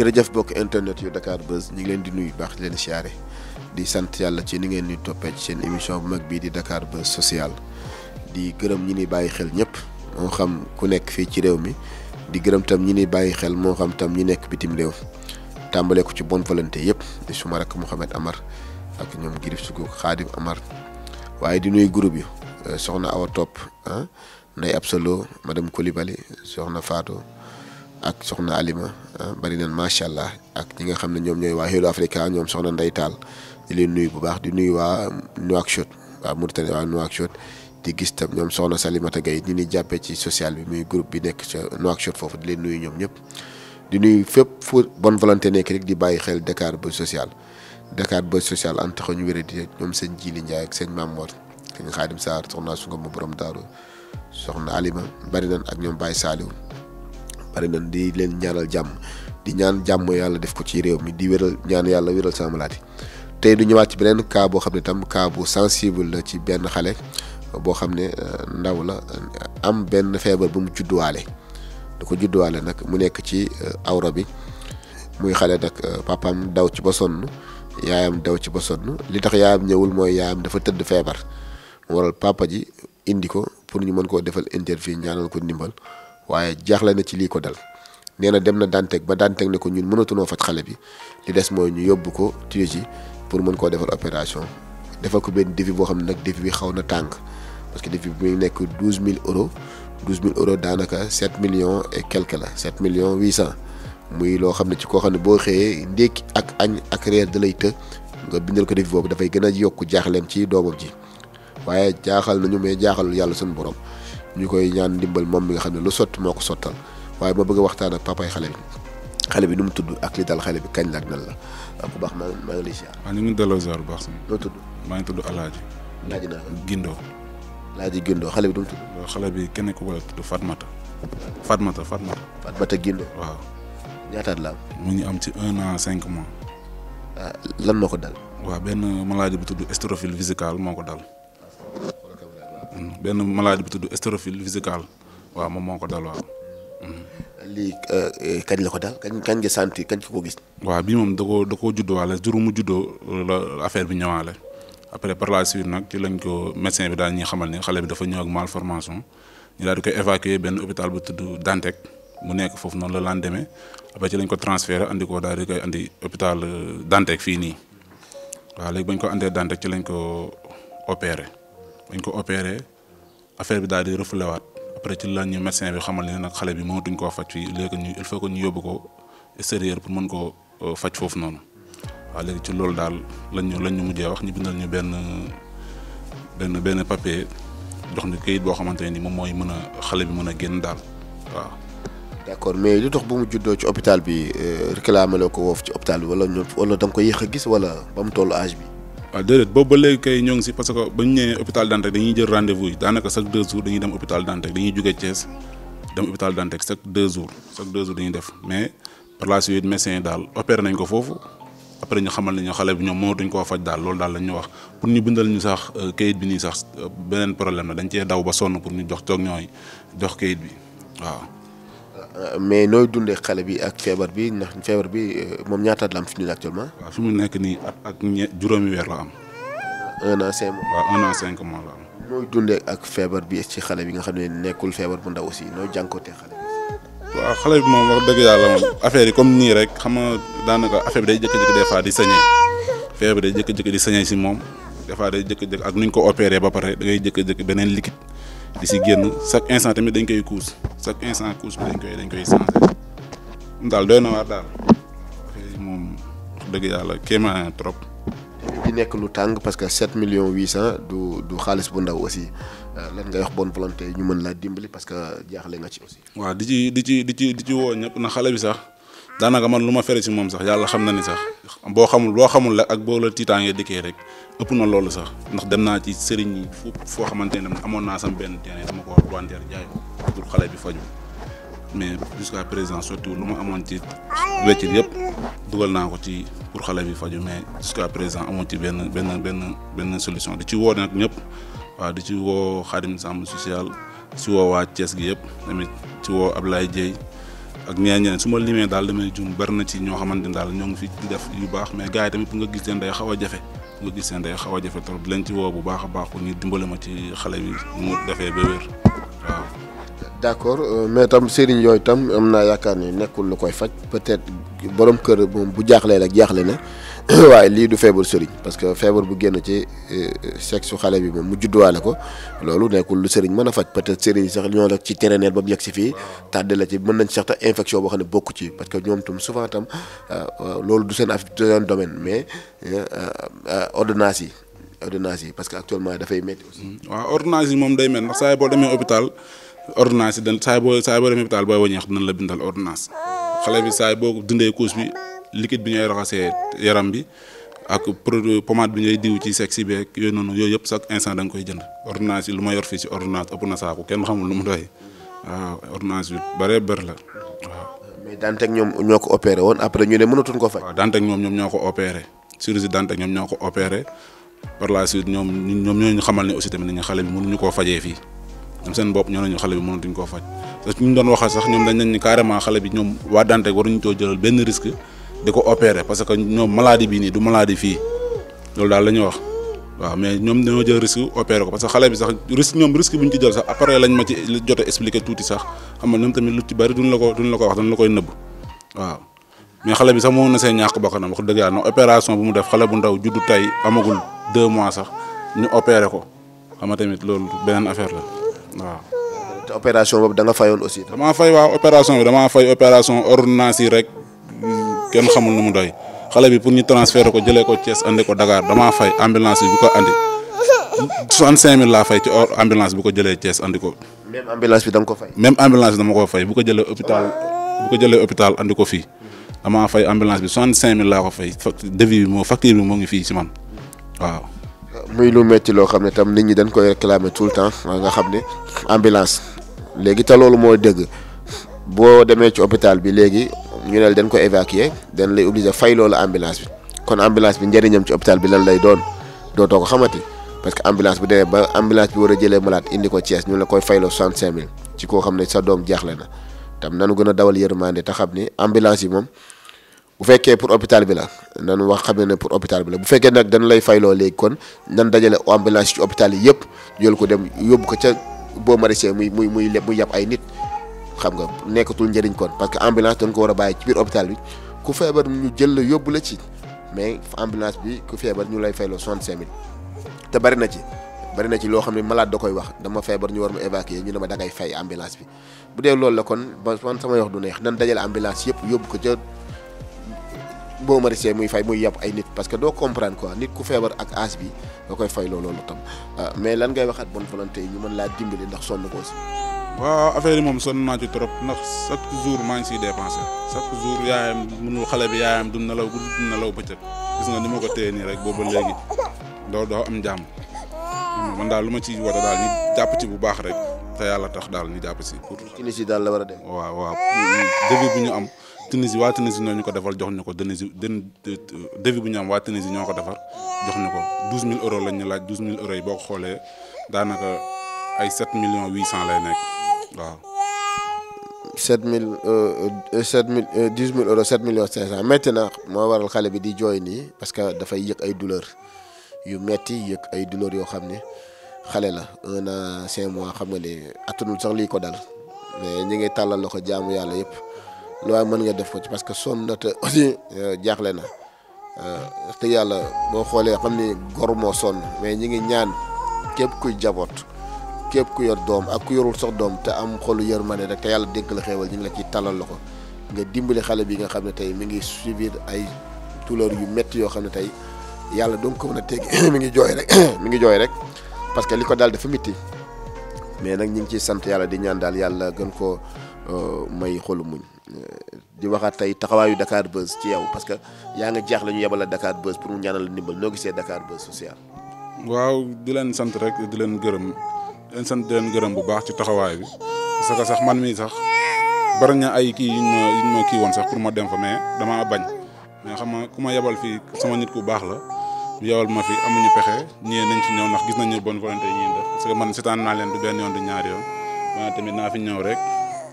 jërëjëf bokk internet yu Dakar Buzz ñu ngeen di nuyu baax leen siyaare di sant yàlla ci ni ngeen di toppee ci seen émission bu mag bii di Dakar Buzz social di gërëm ñi ni bàyyi xel ñëpp moo xam ku nekk fii ci réew mi di gërëm tam ñi ni bàyyi xel moo xam tam ñi nekk bitim réew tàmbale ko ci bon volonté yëpp di suma rakk Mouhamed Amar ak ñoom Girif Sougou Khadim Amar waaye di nuyu groupe yi euh, soxna Awa Topp ah Ndeye Absalo madame Coulibaly soxna faato ak soxna Alima. Euh, bari nañ macha allah ak ñi nga xam ne ñoom ñooy waa Hello Africa ñoom soxna Ndeye di leen nuyu bu baax di nuyu waa Nouakchott waa Mauritanie waa Nouakchott di gis tam ñoom soxna Salimata Gaye ñu ni jàppee ci social bi muy groupe bi nekk ca Nouakchott foofu di leen nuyu ñoom ñëpp di nuyu fépp fu bonne volonté nekk rek di bàyyi xel Dakar Buzz Social Dakar Buzz Social an taxa ñu wéré di ñoom sëñ Jili Ndiaye ak seen sëñ Mamour sëñ Xaadim Sarr soxna su nga mu borom daaru soxna Alima bari nañ ak ñoom Baye Saliou bari nañ di leen ñaanal jàmm di ñaan jàmm yàlla def ko ci réew mi di wéral ñaan yàlla wéral sa malaat tey du ñëwaat ci beneen kaa boo xam ne tam cas bu sensible la ci benn xale boo xam ne euh, ndaw la euh, am benn feebar bu mu judduwaale da ko judduwaale nag mu nekk ci euh, awra bi muy xale nag papam daw ci ba sonn yaayam daw ci ba sonn li tax yaayam ñëwul mooy yaayam dafa tëdd feebar waral papa ji indi ko pour ñu mën koo defal interview ñaanal ko ndimbal waaye jaaxle na ci lii ko dal nee na dem na daan teg ba daan teg ne ko ñun mënatunoo faj xale bi li des mooy ñu yóbbu ko Tunisie pour mën koo defar opération defal ko benn devis boo xam ne nag devis bi xaw na tàng parce que devis bi mu nekk 12000 euros 12000 euros daanaka 7 millions et quelque la 7 million 800 muy loo xam ne ci koo xam ne boo xëyee ndékki ak añ ak reer da lay të nga bindal ko devis boobu dafay gën a yokk jaaxleem ci doomam ji waaye jaaxal nañu mais jaaxalul yàlla suñu borom. ñu koy ñaan ndimbal moom bi nga xam ne lu sotti moo ko sottal waaye ma bëgg a waxtaan ak papay xale bi xale bi nu mu tudd ak li dal xale bi kañ la ak nan ah, bu baax maa maa ngi lay ziar. waaw ah, ñu ngi delloo ziar bu loo tudd maa ngi tudd Alaaji. Alaaji naa Gindo. Alaaji Gindo xale bi nu mu tudd. xale bi kenn ku wala tudd Fatmata. Fatmata Fatmata. Fatmata Gindo. waaw. ñaataat la mu ñu am ci un an cinq mois. Ah, lan moo ko dal. waaw benn maladie bu tudd stérophile vésicale moo ko dal. benn maladie bu tudd stérophile vésicale waaw moom moo ko dal waaw. lii euh, kañ la ko dal kañ kañ nga santi kañ ko gis. waaw bii moom da koo da koo juddowaale juru mu juddoo la affaire bi ñëwaale après par la suite nag ci lañ ko médecin bi daal ñuy xamal ni xale bi dafa ñëw ak formation ñu daal di koy évacuer benn hôpital bu tudd Dantec mu nekk foofu noonu la laan lendemain après ci lañ ko transféré andi daal di koy andi hôpital euh, danteek fii nii waaw léegi bañ ko andee Dantec ci lañ ko opéré. bañ ko opéré affaire bi daal di refoulé waat après ci la ñu bi xamal ne nag xale bi mënatuñ koo faj fii léegi ñu il faut que ñu yóbbu ko extérieur pour mën koo euh, faj foofu noonu waaw léegi ci loolu daal lañ ñu lañ ñu mujjee wax ñu bindal ñu benn benn benn papier jox ñu kayit boo xamante ne ni moom mooy mën a xale bi mën a génn daal waaw. d'accord mais lu tax bu mu juddoo ci hôpital bi euh, réclamé loo ko woof ci hôpital bi wala ñoom wala da ko yéex a gis wala ba mu toll bi. waaw déedéet boobu ba kay ñoo ngi si parce que ba ñu ñëwee hôpital Dantec dañuy jël rendez-vous yi daanaka chaque deux jours dañuy def mais par la suite yi daal opéré nañ ko foofu après ñu xamal ne ñu xale bi ñoom moo duñ koo faj daal loolu daal lañ wax pour ñu bindal ñu sax euh, kayit bi nii sax euh, beneen problème la dañ cee daw ba sonn pour ñu jox toog ñooy jox kayit bi waaw Euh, mais nooy dundee xale bi ak feebar bi ndax feebar bi euh, moom ñaata la am fi ñu ne actuellement. fi mu nekk nii at ak juróomi weer la am. un cinq mois waaw un cinq mois la am. nooy dundee ak feebar bi ci xale bi nga xam ne nekkul feebar bu ndaw aussi nooy jànkoonte xale bi. waaw xale bi moom wax dëgg yàlla moom affaire comme nii xam nga daanaka affaire bi day jëkk-jëkk des fois di sañee feebar bi day jëkk-jëkk di sañee si moom des fois day jëkk-jëkk ak nuñ ko opéré ba pare da ngay jëkk-jëkk beneen liquide di si génn chaque instant tamit dañ koy couche chaque instant couche bi dañ dañ koy changé daal doy na waar daal moom dëgg yàlla kéemaan trop. di nekk lu tàng parce que million millions 800 du du xaalis bu ndaw aussi euh, lan nga wax bonne volonté ñu mën laa dimbali parce que jaaxle nga ci aussi. waaw di ci di ci di ci di ci woo ñëpp na xale bi sax. daanaka man lu ma fere si moom sax yàlla xam na ni sax boo xamul boo xamul la ak boo la tiitaangee dikkee rek ëpp na loolu sax ndax dem naa ci sëriñ yi fu foo xamante ne amoon naa sam benn terrain dama ko wax wanteer jaay ko pour xale bi faju mais jusqu'à présent surtout lu ma amoon ci weccit yëpp dugal naa ko ci pour xale bi faju mais que présent amoon ci benn benn benn benn solution di ci woo nag ñëpp waaw di ci woo Xaadim Samb social si woo waa gi yëpp tamit ci woo Ablaye Dieye ak ñeneen ñeneen su ma limee daal damay juum bari na ci ñoo xamante ni daal ñoo ngi fi def yu baax mais gars yi tamit bu nga gis leen day xaw a jafe bu nga gis leen xaw a jafe trop di leen ci woo bu baax a baax pour ñu dimbale ma ci xale yi mu defee ba wér waaw. d' accord euh, mais tam sëriñ yooyu tam am naa yaakaar ni nekkul lu koy faj peut-être borom kër moom bu jaaxlee rek jaaxle na. waaye lii du feebar sëriñ parce que feebar bu génn ci euh, sexu xale bi moom mu judduwaale ko loolu nekkul lu sëriñ mën a faj peut-être sëriñ sax ñoo la ci tereneer ba mu yegg si fii tàdde la ci mën nañ sax ta infection boo xam ne bokku ci parce que ñoom tam souvent tam euh, loolu du seen af domaine mais euh, ordonnance yi ordonnance yi parce que actuellement dafay métti aussi. Hmm. waaw ordonnance yi moom day mel ndax saa boo demee hôpital ordonnance yi dañ saa boo boo la bindal ordonnance xale bi liquide bi ñooy raxasee yaram bi ak produit pommade bi ngay diw ci sexe bi ak yooyu noonu yooyu yëpp chaque instant da nga koy jënd ordonnance yi lu ma yor fii ci ordonnance ëpp na saako kenn xamul lu mu doy waaw ordonnance yu bëree bëri la waaw. mais Dantec ñoom ñoo ko opéré woon après ñu ne mënatuñ ko faj. waaw Dantec ñoom ñoom ñoo ko opéré chirurgie Dantec ñoom ñoo ko opéré par la suite ñoom ñoom ñoo ñu xamal ne aussi tamit nañu xale bi mënuñu koo fajee fii ñoom seen bopp ñoo nañu xale bi mënatuñ koo faj te ñu doon waxal sax ñoom dañ nañ ni carrément xale bi ñoom waa Dantec waruñu coo jëlal benn risque di ko opérer parce que ñoom maladie bii nii du maladie fii loolu daal la wax waaw mais ñoom dañoo jël risque opérer ko parce que xale bi sax risque ñoom risque bu ci jël sax après lañ ma ci jot a expliquer tuuti sax xam nga tamit lu ci bari ko duñ la ko wax dañ la koy nëbb waaw mais xale bi na see ñàkk bakkanam wax dëgg yàlla na opération bu mu def xale bu ndaw juddu mois sax ñu ko xam nga loolu beneen affaire la waaw. te opération boobu da nga fayoon aussi. damaa fay waaw opération rek. kenn xamul nu mu doy xale bi pour ñu transférer ko jëlee ko Thiès andi ko Dakar damaa fay ambulance bi bu ko andi 65000 fay ci or ambulance ko jëlee Thiès andi ko. même ambulance bi ko fay. même ambulance bi dama ko fay bu ko jëlee hôpital bu jëlee hôpital andi ko fii damaa fay ambulance bi 65000 laa ko fay devis bi moo facture bi moo ngi fii si man waaw. muy lu metti loo xam ne tam nit ñi dañ koy réclamer tout le temps nga xam ne ambulance léegi te loolu mooy dëgg boo demee ci hôpital bi léegi. ñu ne dañ ko évacuer dañ lay obligé fay loolu ambulance bi kon ambulance bi njëriñam ci hôpital bi lan lay doon dootoo ko xamati parce que ambulance bu demee ba ambulance bi war a jëlee malade indi ko Thiès ñu la koy fayloo 65000 ci ko xam ne sa doom jaaxle na tam nanu gën a dawal yërmande te xam ni ambulance yi moom bu fekkee pour hôpital bi la nan wax xam ne pour hôpital bi la bu fekkee nag dañ lay fayloo léegi kon nan dajale ambulance yi ci yi yëpp jël ko dem yóbbu ko ca boo maraîcher muy muy muy muy yàpp ay nit xam nga nekkatul njëriñ kon parce que ambulance dañ ko war a bàyyi ci biir hôpital bi ku feebar ñu jël la yóbbu la ci mais ambulance bi ku feebar ñu lay fayloo soixante-cinq mille te bari na ci bari na ci loo xam ne malade da koy wax dama feebar ñu war ma évacuer ñu dama ma da ngay fay ambulance bi bu dee loolu la kon ba man sama wax du neex nan dajale ambulance yëpp yóbbu ko ca boo marisee muy fay muy yàpp ay nit parce que doo comprendre quoi nit ku feebar ak as bi nga koy fayloo loolu tam ah, mais lan ngay waxaat bonne volonté yi ñu mën laa dimbali ndax sonn ko aussi waaw affaire yi moom sonn naa ci trop ndax chaque jour maa ngi siy dépensé chaque jour yaayam mënul xale bi yaayam du nelaw guddi nelaw ba bëccëg gis nga ni ma ko téye nii rek booba léegi doo doo am jàmm man daal lu ma ci war a daal ñu jàpp ci bu baax rek te yàlla tax daal ñu jàpp si pour. Tunisie daal la war a dem. waaw waaw devis bu ñu am Tunisie waa Tunisie ñoo ñu ko defal jox ñu ko Tunisie devis bu ñu am waa Tunisie ñoo ko defar jox ñu ko 12000 euros lañ ñu laaj 12000 euros yi boo xoolee daanaka ay 7 millions 800 lay nekk. waaw. 7000 7000 euh, euh, euh, mille euros 7 millions 500 métti na moo waral xale bi di jooy nii parce que dafay yëg ay douleur yu metti yëg ay douleur yoo xam ne xale la un an mois xam nga ne attanul sax lii ko daal mais ñi ngi tàllal loxo jaamu yàlla yëpp lu waaye mën nga def ko ci parce que sonn na te aussi jaaxle na te yàlla boo xoolee xam ni gor moo sonn mais ñu ngi ñaan képp kuy jaboot képp ku yor doom ak ku yorul sax doom te am xolu yërmande rek te yàlla dénk la xéewal ñu ngi la ci talal la ko nga dimbali xale bi nga xam ne tey mi ngi subir ay douleur yu métti yoo xam ne tey yàlla donc ko mën a mi ngi jooy rek mi ngi jooy rek parce que li ko daal dafa métti mais nag ñu ngi ciy sant yàlla di ñaan daal yàlla gën koo euh, may xolu muñ euh, di waxaat tey taxawaayu Dakar Buzz ci yow parce que yaa nga jaax la ñu yebal Dakar Buzz pour mu ñaanal ndimbal noo gisee Dakar Buzz social. waaw di leen sant rek di leen gërëm. leen sant di leen gërëm bu baax ci taxawaay bi parce sax man mii sax bari na ay kii yuñ ma yuñ ma kii woon sax pour ma dem fa mais dama bañ mais xam nga ku ma yebal fii sama nit ku baax la mu yebal ma fi amuñu pexe ñii nañ ci ñëw ndax gis nañu bonne volonté yi que man seetaan naa leen du benn yoon du ñaari yoon waaye tamit naa fi ñëw rek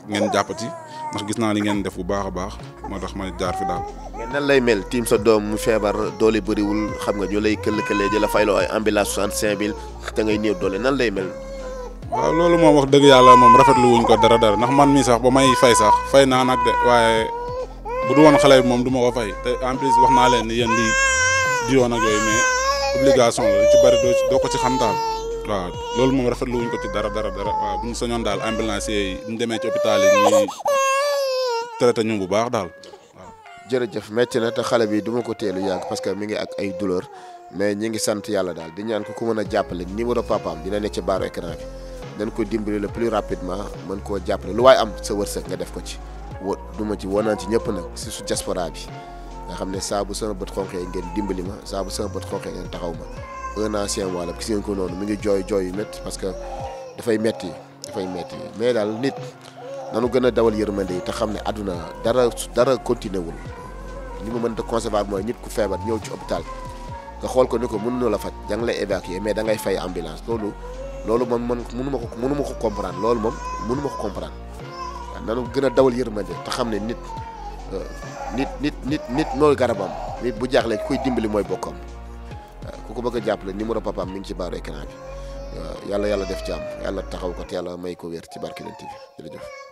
ngeen jàppati ndax gis naa li ngeen def bu baax a baax ma tax ma jaar fi daal. nan lay mel tiim sa doom mu feebar doole bëriwul xam nga ñu lay këll këlee di fayloo ay ambulance 65000 te ngay doole nan lay mel. waaw loolu moom wax dëgg yàlla moom rafetlu wuñ ko dara dara ndax man mii sax ba may fay sax fay naa nag de waaye bu du woon xale yi moom du ma ko fay te en plus wax naa leen ni yéen lii jiwoon ak yooyu mais obligation la ci bëri ko ci xam waaw loolu moom rafetlu ci dara dara dara waaw bu ñu sañoon daal ambulance yi ñu demee ci hôpital yi ñuy traité ñu bu baax daal a jërëjëf métti na te xale bi du ma ko teelu yàgg parce que mi ngi ak ay douleur mais ñu ngi sant yàlla daal di ñaan ko ku mën a jàppale numéro papaam dina ne ci baaru écran bi dañ ko dimbali le plus rapidement mën koo jàppale lu waaye am sa wërsëg nga def ko ci wo du ma ci wonaan ci ñëpp nag si su diaspora bi nga xam ne saabu bu sama bët xonqee ngeen dimbali ma saabu bu sama bët xonqee ngeen taxaw ma un ancien wala gis ngeen ko noonu mu ngi jooy jooy yu métti parce que dafay metti dafay metti mais daal nit nanu gën a dawal yërmande yi te xam ne àdduna dara dara continué wul li ma mën a conserver mooy nit ku feebar ñëw ci hôpital nga xool ko ni ko mën na la faj da nga lay évacuer mais da fay ambulance loolu loolu moom man mënu ma ko mënu ma ko comprendre loolu moom mënu ma ko comprendre waaw nanu gën a dawal ma yërmande te xam ne nit euh, nit nit nit nit nooy garabam nit bu jaaxlee kuy koy dimbali mooy bokkam waaw euh, ku ko bëgg jàppale numéro papaam mi ñu ci baaru écran bi euh, yàlla yàlla def ci am yàlla taxaw ko te yàlla may ko wér ci barke Leral TV jërëjëf